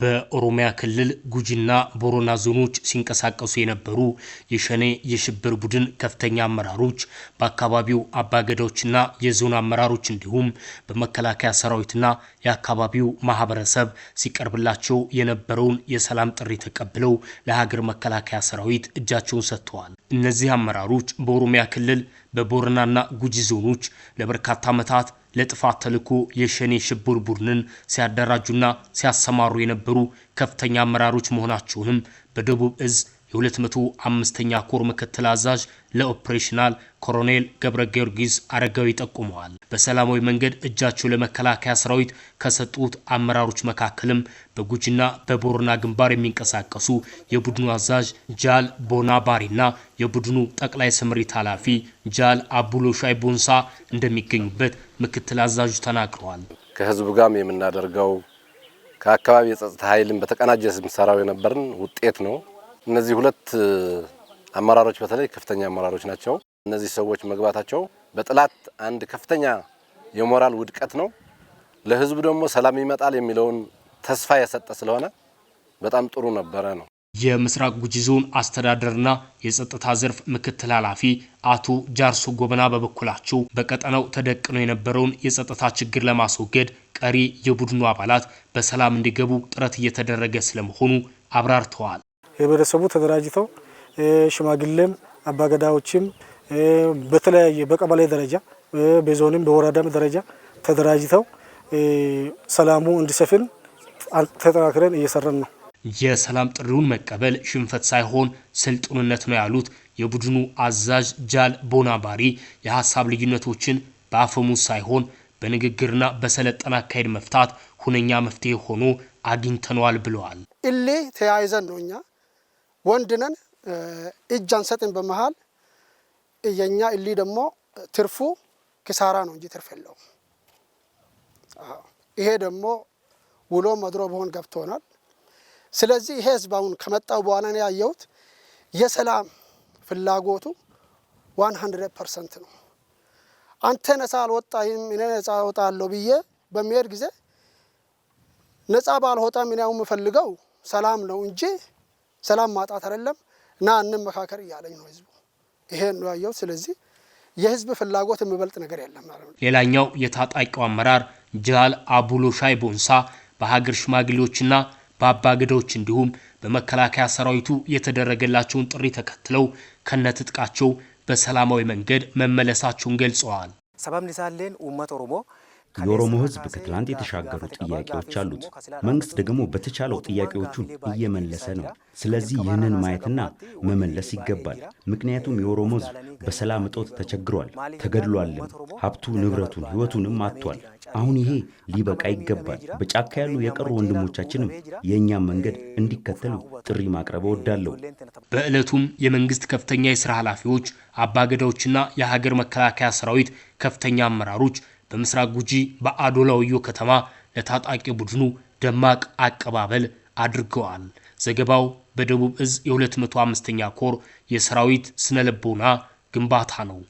በኦሮሚያ ክልል ጉጂና ቦረና ዞኖች ሲንቀሳቀሱ የነበሩ የሸኔ የሽብር ቡድን ከፍተኛ አመራሮች በአካባቢው አባገዳዎችና የዞን አመራሮች እንዲሁም በመከላከያ ሰራዊትና የአካባቢው ማህበረሰብ ሲቀርብላቸው የነበረውን የሰላም ጥሪ ተቀብለው ለሀገር መከላከያ ሰራዊት እጃቸውን ሰጥተዋል። እነዚህ አመራሮች በኦሮሚያ ክልል በቦረናና ጉጂ ዞኖች ለበርካታ ዓመታት ለጥፋት ተልዕኮ የሸኔ ሽብር ቡድንን ሲያደራጁና ሲያሰማሩ የነበሩ ከፍተኛ አመራሮች መሆናቸውንም በደቡብ እዝ የ205ኛ ኮር ምክትል አዛዥ ለኦፕሬሽናል ኮሎኔል ገብረ ጊዮርጊስ አረጋዊ ጠቁመዋል። በሰላማዊ መንገድ እጃቸው ለመከላከያ ሰራዊት ከሰጡት አመራሮች መካከልም በጉጂና በቦርና ግንባር የሚንቀሳቀሱ የቡድኑ አዛዥ ጃል ቦና ባሪና የቡድኑ ጠቅላይ ስምሪት ኃላፊ ጃል አቡሎሻይ ቦንሳ እንደሚገኙበት ምክትል አዛዡ ተናግረዋል። ከህዝቡ ጋም የምናደርገው ከአካባቢ የጸጥታ ኃይልን በተቀናጀ ስንሰራው የነበርን ውጤት ነው። እነዚህ ሁለት አመራሮች በተለይ ከፍተኛ አመራሮች ናቸው። እነዚህ ሰዎች መግባታቸው በጥላት አንድ ከፍተኛ የሞራል ውድቀት ነው፣ ለህዝቡ ደግሞ ሰላም ይመጣል የሚለውን ተስፋ የሰጠ ስለሆነ በጣም ጥሩ ነበረ ነው። የምስራቅ ጉጂ ዞን አስተዳደርና የጸጥታ ዘርፍ ምክትል ኃላፊ አቶ ጃርሶ ጎበና በበኩላቸው በቀጠናው ተደቅኖ የነበረውን የጸጥታ ችግር ለማስወገድ ቀሪ የቡድኑ አባላት በሰላም እንዲገቡ ጥረት እየተደረገ ስለመሆኑ አብራርተዋል። ህብረተሰቡ ተደራጅተው ሽማግሌም አባገዳዎችም በተለያየ በቀበሌ ደረጃ በዞንም በወረዳም ደረጃ ተደራጅተው ሰላሙ እንዲሰፍን ተጠናክረን እየሰራን ነው። የሰላም ጥሪውን መቀበል ሽንፈት ሳይሆን ስልጡንነት ነው ያሉት የቡድኑ አዛዥ ጃል ቦናባሪ የሀሳብ ልዩነቶችን በአፈሙዝ ሳይሆን በንግግርና በሰለጠነ አካሄድ መፍታት ሁነኛ መፍትሄ ሆኖ አግኝተነዋል ብለዋል። እሌ ተያይዘን ነው እኛ ወንድ ነን፣ እጅ አንሰጥን በመሀል የኛ እሊ ደግሞ ትርፉ ኪሳራ ነው እንጂ ትርፍ የለውም። ይሄ ደግሞ ውሎ መድሮ በሆን ገብቶናል። ስለዚህ ይሄ ህዝብ አሁን ከመጣው በኋላ ነው ያየሁት የሰላም ፍላጎቱ 100 ፐርሰንት ነው። አንተ ነጻ አልወጣም እኔ ነጻ እወጣለሁ ብዬ በሚሄድ ጊዜ ነፃ ባልወጣም እኔ ያው የምፈልገው ሰላም ነው እንጂ ሰላም ማጣት አይደለም እና እንመካከር እያለኝ ነው ህዝቡ። ይሄን ነው ያየሁት። ስለዚህ የህዝብ ፍላጎት የሚበልጥ ነገር የለም ማለት ነው። ሌላኛው የታጣቂው አመራር ጀላል አቡሎሻይ ቦንሳ በሀገር ሽማግሌዎችና በአባ እንዲሁም በመከላከያ ሰራዊቱ የተደረገላቸውን ጥሪ ተከትለው ከነትጥቃቸው በሰላማዊ መንገድ መመለሳቸውን ገልጸዋል። ሰባም ሊሳሌን ኡመት ኦሮሞ የኦሮሞ ህዝብ ከትላንት የተሻገሩ ጥያቄዎች አሉት። መንግስት ደግሞ በተቻለው ጥያቄዎቹን እየመለሰ ነው። ስለዚህ ይህንን ማየትና መመለስ ይገባል። ምክንያቱም የኦሮሞ ህዝብ በሰላም እጦት ተቸግሯል፣ ተገድሏልም። ሀብቱ፣ ንብረቱን፣ ህይወቱንም አጥቷል። አሁን ይሄ ሊበቃ ይገባል። በጫካ ያሉ የቀሩ ወንድሞቻችንም የእኛም መንገድ እንዲከተሉ ጥሪ ማቅረብ እወዳለሁ። በዕለቱም የመንግስት ከፍተኛ የሥራ ኃላፊዎች፣ አባገዳዎችና የሀገር መከላከያ ሰራዊት ከፍተኛ አመራሮች በምስራቅ ጉጂ በአዶላውዮ ከተማ ለታጣቂ ቡድኑ ደማቅ አቀባበል አድርገዋል። ዘገባው በደቡብ እዝ የ205ኛ ኮር የሰራዊት ልቦና ግንባታ ነው።